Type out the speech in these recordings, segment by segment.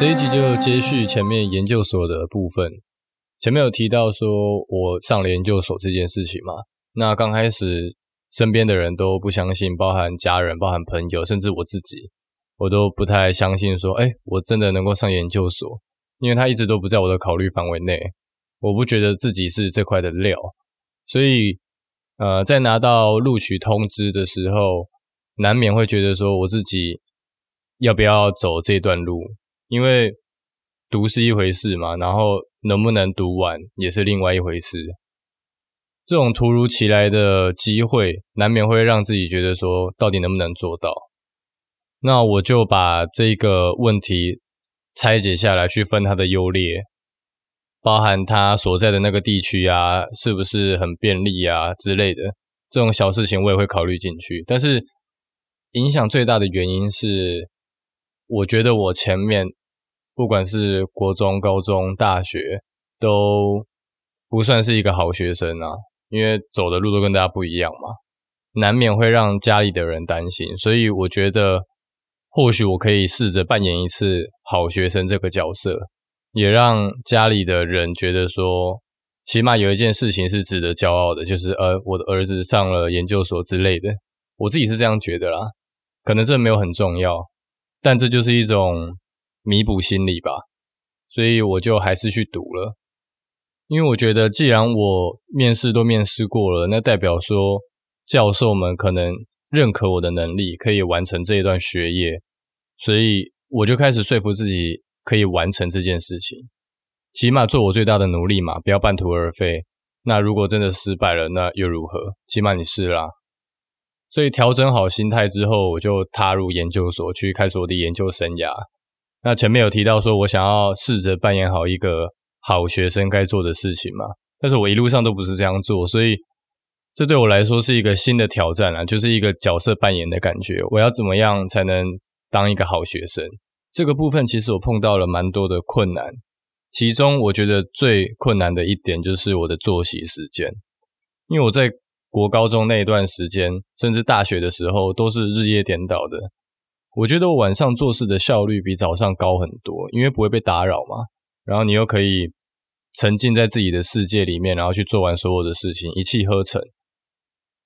這一集就接續前面研究所的部分。前面有提到說我上了研究所這件事情嘛。那剛開始身邊的人都不相信，包含家人、包含朋友，甚至我自己，我都不太相信說，欸，我真的能夠上研究所，因為他一直都不在我的考慮範圍內。我不覺得自己是這塊的料，所以，呃，在拿到錄取通知的時候，難免會覺得說我自己要不要走這段路，因為讀是一回事嘛，然後能不能讀完也是另外一回事。這種突如其來的機會，難免會讓自己覺得說，到底能不能做到？那我就把這個問題拆解下來，去分它的優劣。包含他所在的那個地區啊，是不是很便利啊之類的，這種小事情我也會考慮進去。但是影響最大的原因是，我覺得我前面不管是國中、高中、大學，都不算是一個好學生啊，因為走的路都跟大家不一樣嘛，難免會讓家裡的人擔心。所以我覺得，或許我可以試着扮演一次好學生這個角色。也讓家裡的人覺得說，起碼有一件事情是值得驕傲的，就是呃，我的兒子上了研究所之類的。我自己是這樣覺得啦，可能這沒有很重要，但這就是一種彌補心理吧。所以我就還是去讀了，因為我覺得既然我面試都面試過了，那代表說教授們可能認可我的能力，可以完成這一段學業，所以我就開始說服自己。可以完成這件事情，起碼做我最大的努力嘛，不要半途而廢。那如果真的失敗了，那又如何？起碼你試啦。所以調整好心態之後，我就踏入研究所去開始我的研究生涯。那前面有提到說我想要試着扮演好一個好學生該做的事情嘛，但是我一路上都不是這樣做，所以這對我來說是一個新的挑戰啊，就是一個角色扮演的感覺。我要怎麼樣才能當一個好學生？這個部分其實我碰到了蠻多的困難，其中我覺得最困難的一點就是我的作息時間，因為我在國高中那一段時間，甚至大學的時候都是日夜顛倒的。我覺得我晚上做事的效率比早上高很多，因為不會被打擾嘛，然後你又可以沉浸在自己的世界裡面，然後去做完所有的事情，一氣呵成，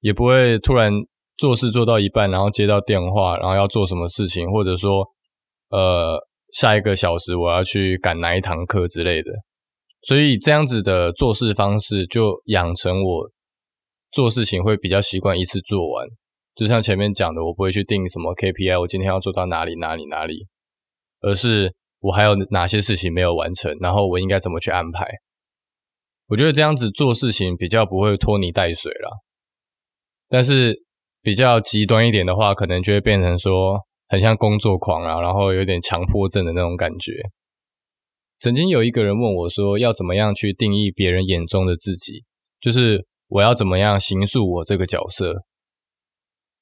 也不會突然做事做到一半，然後接到電話，然後要做什麼事情，或者說。呃，下一個小時我要去趕哪一堂課之類的，所以這樣子的做事方式就養成我做事情會比較習慣一次做完。就像前面講的，我不會去定什麼 KPI，我今天要做到哪裡哪裡哪裡，而是我還有哪些事情沒有完成，然後我應該怎麼去安排。我覺得這樣子做事情比較不會拖泥帶水啦，但是比較極端一點的話，可能就會變成說。很像工作狂啊，然後有點強迫症的那種感覺。曾經有一個人問我說：“要怎麼樣去定義別人眼中的自己？就是我要怎麼樣形塑我這個角色？”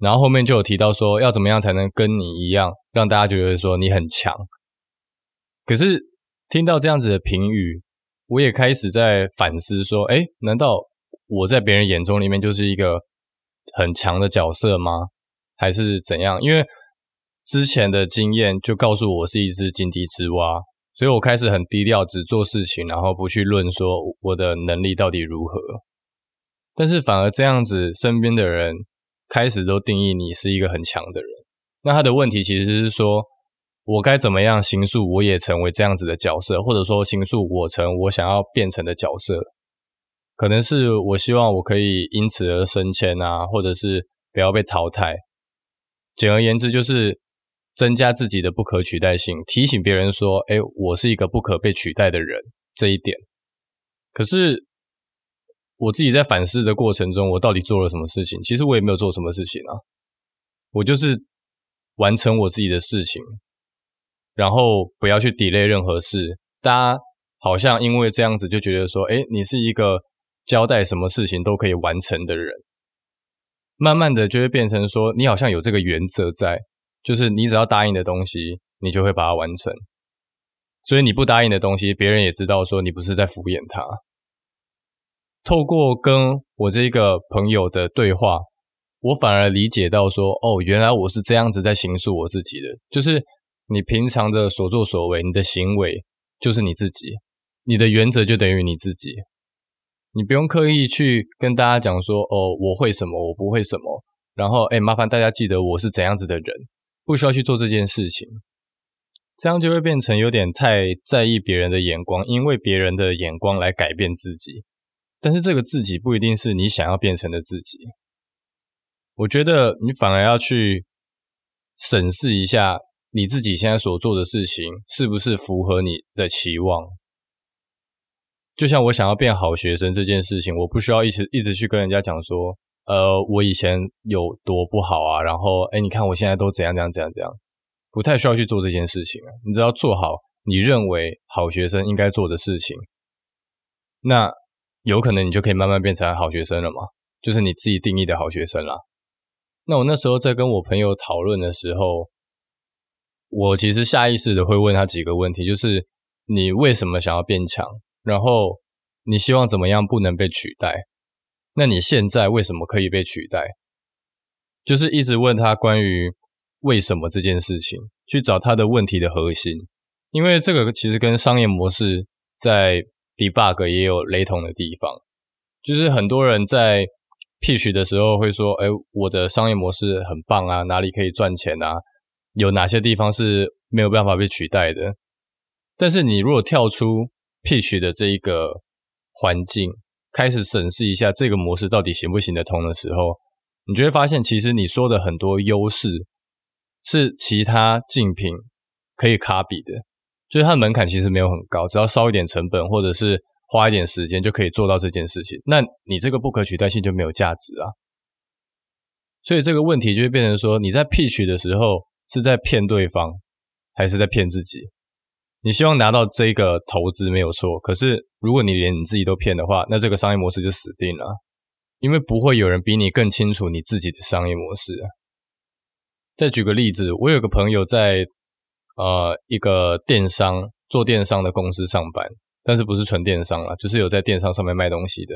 然後後面就有提到說：“要怎麼樣才能跟你一樣，讓大家覺得說你很強？”可是聽到這樣子的評語，我也開始在反思說：“誒，難道我在別人眼中裡面就是一個很強的角色嗎？還是怎樣？”因為……之前的經驗就告訴我是一隻井底之蛙，所以我開始很低調，只做事情，然後不去論說我的能力到底如何。但是反而這樣子，身邊的人開始都定義你是一個很強的人。那他的問題其實是說，我該怎麼樣形塑，我也成為這樣子的角色，或者說形塑，我成我想要變成的角色，可能是我希望我可以因此而升遷啊，或者是不要被淘汰。簡而言之，就是。增加自己的不可取代性，提醒別人說：“哎，我是一個不可被取代的人。”這一點，可是我自己在反思的過程中，我到底做了什麼事情？其實我也沒有做什麼事情啊，我就是完成我自己的事情，然後不要去 delay 任何事。大家好像因為這樣子就覺得說：“哎，你是一個交代什麼事情都可以完成的人。”慢慢的就會變成說：“你好像有這個原則在。”就是你只要答應的東西，你就會把它完成。所以你不答應的東西，別人也知道說你不是在敷衍他。透過跟我這個朋友的對話，我反而理解到說，哦，原來我是這樣子在形塑我自己的。就是你平常的所作所為，你的行為就是你自己，你的原則就等於你自己。你不用刻意去跟大家講說，哦，我會什麼，我不會什麼。然後，誒、哎，麻煩大家記得我是怎樣子的人。不需要去做這件事情，這樣就會變成有點太在意別人的眼光，因為別人的眼光來改變自己。但是這個自己不一定是你想要變成的自己。我覺得你反而要去審視一下你自己現在所做的事情是不是符合你的期望。就像我想要變好學生這件事情，我不需要一直一直去跟人家講說。呃，我以前有多不好啊？然後，哎，你看我現在都怎樣怎樣怎樣怎樣，不太需要去做這件事情啊。你只要做好你認為好學生應該做的事情，那有可能你就可以慢慢變成好學生了嘛，就是你自己定義的好學生啦。那我那時候在跟我朋友討論的時候，我其實下意識的會問他幾個問題，就是你為什麼想要變強？然後你希望怎麼樣不能被取代？那你現在為什麼可以被取代？就是一直問他關於為什麼這件事情，去找他的問題的核心，因為這個其實跟商業模式在 debug 也有雷同的地方，就是很多人在 pitch 的時候會說：“哎，我的商業模式很棒啊，哪裡可以賺錢啊？有哪些地方是沒有辦法被取代的？”但是你如果跳出 pitch 的這一個環境。開始審視一下這個模式到底行不行得通的時候，你就會發現，其實你說的很多優勢是其他競品可以 copy 的，就是它的門檻其實沒有很高，只要燒一點成本或者是花一點時間就可以做到這件事情。那你這個不可取代性就沒有價值啊。所以這個問題就會變成說，你在 pitch 的時候是在騙對方，還是在騙自己？你希望拿到這個投資沒有錯，可是。如果你連你自己都騙的話，那這個商業模式就死定了，因為不會有人比你更清楚你自己的商業模式。再舉個例子，我有個朋友在，呃，一個電商，做電商的公司上班，但是不是純電商了，就是有在電商上面賣東西的。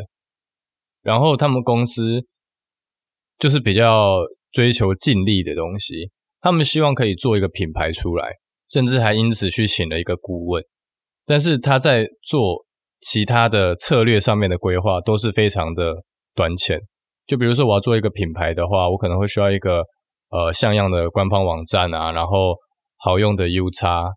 然後他們公司就是比較追求盡力的東西，他們希望可以做一個品牌出來，甚至還因此去請了一個顧問，但是他在做。其他的策略上面的規劃都是非常的短淺，就比如說，我要做一個品牌的話，我可能會需要一個呃像樣的官方網站啊，然後好用的 UX，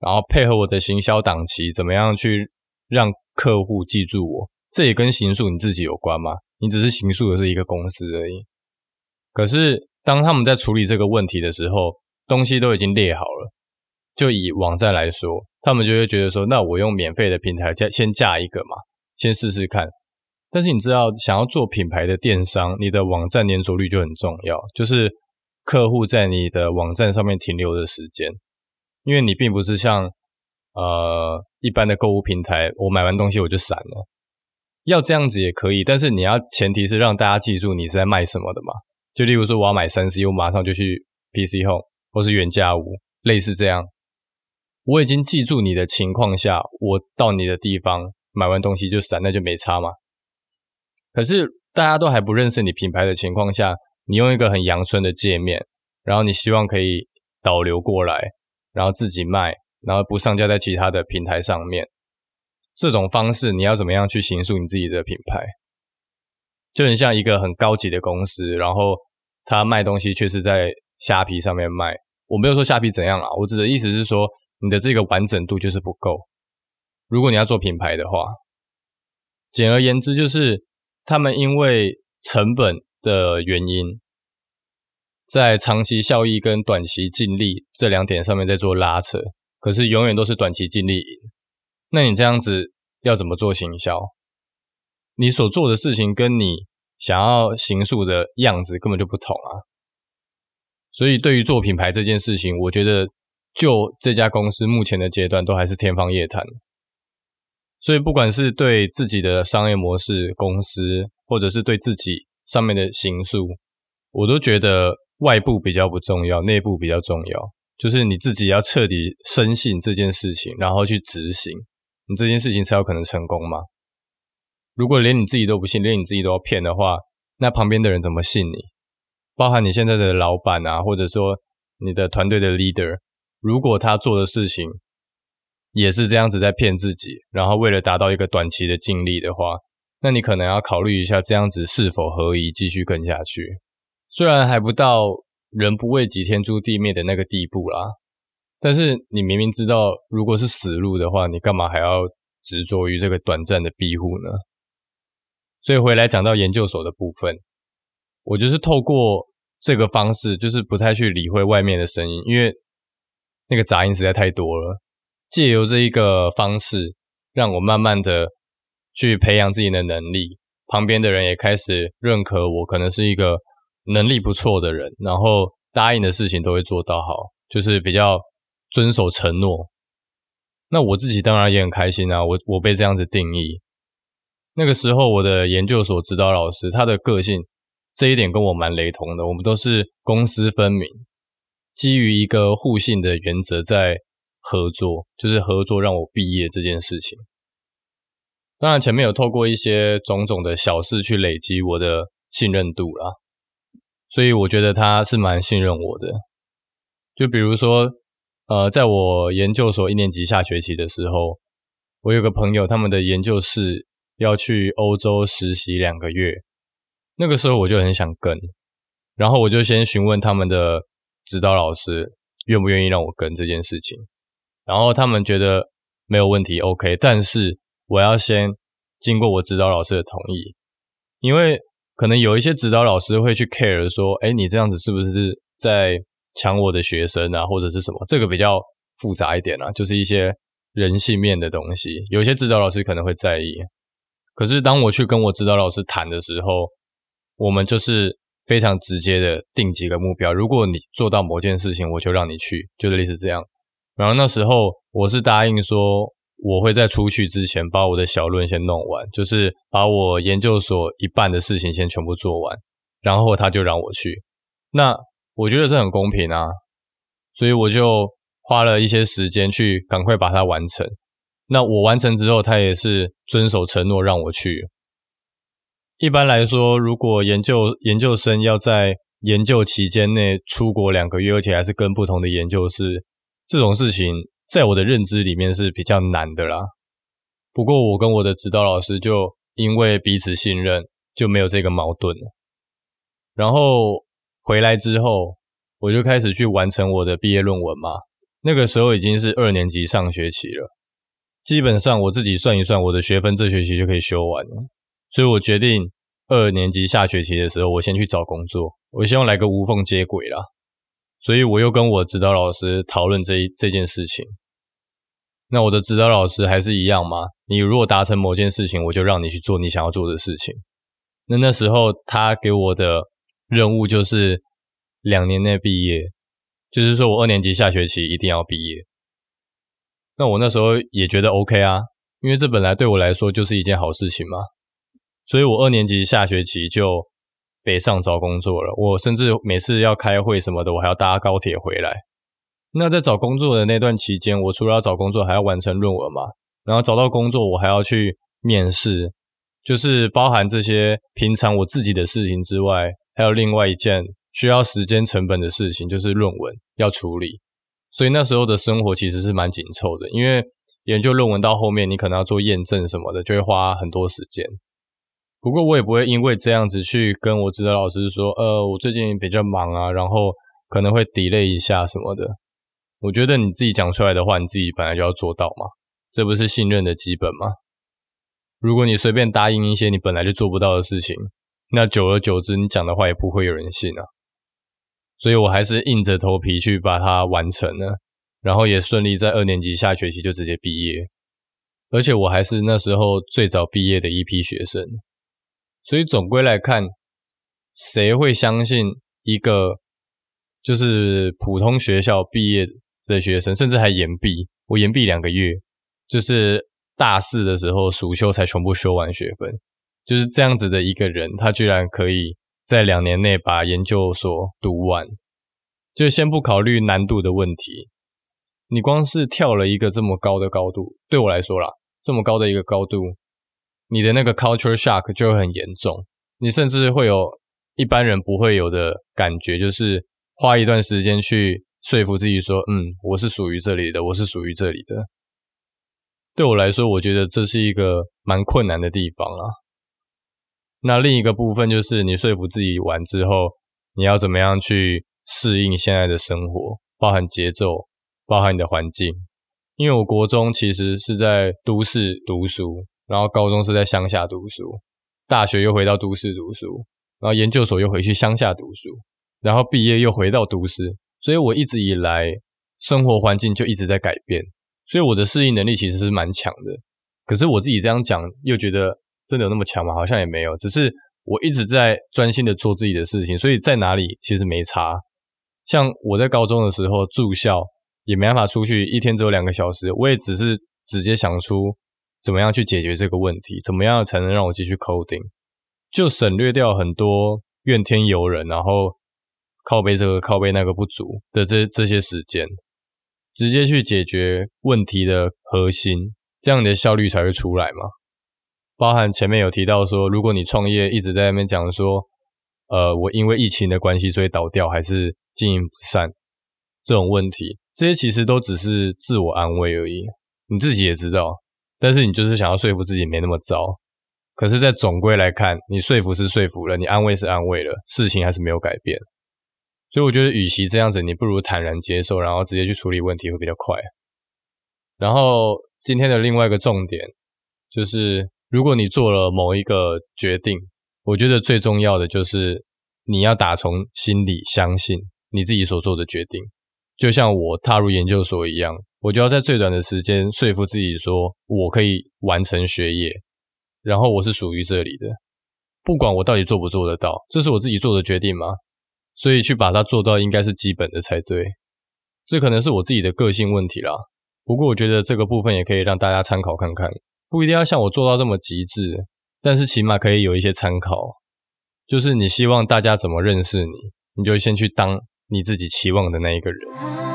然後配合我的行銷檔期，怎麼樣去讓客戶記住我？這也跟形塑你自己有關嘛，你只是形塑的是一個公司而已。可是當他們在處理這個問題的時候，東西都已經列好了。就以網站來說。他們就會覺得說，那我用免費的平台架先架一個嘛，先試試看。但是你知道，想要做品牌的電商，你的網站黏著率就很重要，就是客戶在你的網站上面停留的時間，因為你並不是像呃一般的購物平台，我買完東西我就閃了。要這樣子也可以，但是你要前提是讓大家記住你是在賣什麼的嘛。就例如說，我要買 3C，我馬上就去 PC Home 或是原價屋，類似這樣。我已經記住你的情況下，我到你的地方買完東西就閃，那就沒差嘛。可是大家都還不認識你品牌的情況下，你用一個很陽春的界面，然後你希望可以導流過來，然後自己賣，然後不上架在其他的平台上面，這種方式你要怎麼樣去形塑你自己的品牌？就很像一個很高級的公司，然後他賣東西卻是在蝦皮上面賣，我沒有說蝦皮怎樣啦、啊，我指的意思是說。你的這個完整度就是不夠。如果你要做品牌的話，簡而言之就是他們因為成本的原因，在長期效益跟短期淨利這兩點上面在做拉扯，可是永遠都是短期淨利。那你這樣子要怎麼做行銷？你所做的事情跟你想要形塑的樣子根本就不同啊。所以對於做品牌這件事情，我覺得。就這家公司目前的階段，都還是天方夜譚。所以，不管是對自己的商業模式、公司，或者是對自己上面的形塑，我都覺得外部比較不重要，內部比較重要。就是你自己要徹底深信這件事情，然後去執行，你這件事情才有可能成功嘛。如果連你自己都不信，連你自己都要騙的話，那旁邊的人怎麼信你？包含你現在的老闆啊，或者說你的團隊的 leader。如果他做的事情也是這樣子在騙自己，然後為了達到一個短期的盡力的話，那你可能要考慮一下這樣子是否合宜繼續跟下去。雖然還不到“人不為己，天誅地滅”的那個地步啦，但是你明明知道如果是死路的話，你幹嘛還要執着於這個短暫的庇護呢？所以回來講到研究所的部分，我就是透過這個方式，就是不太去理會外面的聲音，因為。那個雜音實在太多了，借由這一個方式，讓我慢慢的去培養自己的能力。旁邊的人也開始認可我，可能是一個能力不錯的人，然後答應的事情都會做到好，就是比較遵守承諾。那我自己當然也很開心啊，我我被這樣子定義。那個時候，我的研究所指導老師他的個性這一點跟我蠻雷同的，我們都是公私分明。基於一個互信的原則在合作，就是合作讓我畢業這件事情。當然前面有透過一些種種的小事去累積我的信任度啦，所以我覺得他是蠻信任我的。就比如說，呃，在我研究所一年級下學期的時候，我有個朋友他們的研究室要去歐洲實習兩個月，那個時候我就很想跟，然後我就先詢問他們的。指導老師願不願意讓我跟這件事情？然後他們覺得沒有問題，OK。但是我要先經過我指導老師的同意，因為可能有一些指導老師會去 care 說，哎、欸，你這樣子是不是在搶我的學生啊，或者是什麼？這個比較複雜一點啊，就是一些人性面的東西。有些指導老師可能會在意。可是當我去跟我指導老師談的時候，我們就是。非常直接的定幾個目標，如果你做到某件事情，我就讓你去，就是類似這樣。然後那時候我是答應說，我會在出去之前把我的小論先弄完，就是把我研究所一半的事情先全部做完，然後他就讓我去。那我覺得這很公平啊，所以我就花了一些時間去趕快把它完成。那我完成之後，他也是遵守承諾讓我去。一般來說，如果研究研究生要在研究期間內出國兩個月，而且還是跟不同的研究室，這種事情在我的認知裡面是比較難的啦。不過，我跟我的指導老師就因為彼此信任，就沒有這個矛盾了。然後回來之後，我就開始去完成我的畢業論文嘛。那個時候已經是二年級上學期了，基本上我自己算一算，我的學分這學期就可以修完了。所以我決定二年級下學期的時候，我先去找工作。我希望來個無縫接軌啦，所以我又跟我指導老師討論這這件事情。那我的指導老師還是一樣嗎？你如果達成某件事情，我就讓你去做你想要做的事情。那那時候他給我的任務就是兩年內畢業，就是說我二年級下學期一定要畢業。那我那時候也覺得 OK 啊，因為這本來對我來說就是一件好事情嘛。所以，我二年級下學期就北上找工作了。我甚至每次要開會什麼的，我還要搭高鐵回來。那在找工作的那段期間，我除了要找工作，還要完成論文嘛。然後找到工作，我還要去面試，就是包含這些平常我自己的事情之外，還有另外一件需要時間成本的事情，就是論文要處理。所以那時候的生活其實是蠻緊湊的，因為研究論文到後面，你可能要做驗證什麼的，就會花很多時間。不過我也不會因為這樣子去跟我指導老師說，呃，我最近比較忙啊，然後可能會 delay 一下什麼的。我覺得你自己講出來的話，你自己本來就要做到嘛，這不是信任的基本嗎？如果你隨便答應一些你本來就做不到的事情，那久而久之，你講的話也不會有人信啊。所以我還是硬着頭皮去把它完成了，然後也順利在二年級下學期就直接畢業，而且我還是那時候最早畢業的一批學生。所以總歸來看，誰會相信一個就是普通學校畢業的學生，甚至還延畢，我延畢兩個月，就是大四的時候暑修才全部修完學分，就是這樣子的一個人，他居然可以在兩年內把研究所讀完，就先不考慮難度的問題，你光是跳了一個這麼高的高度，對我來說啦，這麼高的一個高度。你的那個 culture shock 就會很嚴重，你甚至會有一般人不會有的感覺，就是花一段時間去說服自己說，嗯，我是屬於這裡的，我是屬於這裡的。對我來說，我覺得這是一個蠻困難的地方啊。那另一個部分就是你說服自己完之後，你要怎麼樣去適應現在的生活，包含節奏，包含你的環境。因為我國中其實是在都市讀書。然後高中是在鄉下讀書，大學又回到都市讀書，然後研究所又回去鄉下讀書，然後畢業又回到都市，所以我一直以來生活環境就一直在改變，所以我的適應能力其實是蠻強的。可是我自己這樣講又覺得真的有那麼強嗎？好像也沒有，只是我一直在專心的做自己的事情，所以在哪裡其實沒差。像我在高中的時候住校，也沒辦法出去，一天只有兩個小時，我也只是直接想出。怎麼樣去解決這個問題？怎麼樣才能讓我繼續 coding？就省略掉很多怨天尤人，然後靠背這個、靠背那個不足的這這些時間，直接去解決問題的核心，這樣你的效率才會出來嘛。包含前面有提到說，如果你創業一直在那邊講說，呃，我因為疫情的關係所以倒掉，還是經營不善這種問題，這些其實都只是自我安慰而已。你自己也知道。但是你就是想要說服自己沒那麼糟，可是，在總歸來看，你說服是說服了，你安慰是安慰了，事情還是沒有改變。所以我覺得，與其這樣子，你不如坦然接受，然後直接去處理問題會比較快。然後今天的另外一個重點就是，如果你做了某一個決定，我覺得最重要的就是你要打從心裡相信你自己所做的決定，就像我踏入研究所一樣。我就要在最短的時間說服自己說，我可以完成學業，然後我是屬於這裡的，不管我到底做不做得到，這是我自己做的決定嘛，所以去把它做到應該是基本的才對。這可能是我自己的個性問題啦，不過我覺得這個部分也可以讓大家參考看看，不一定要像我做到這麼極致，但是起碼可以有一些參考。就是你希望大家怎麼認識你，你就先去當你自己期望的那一個人。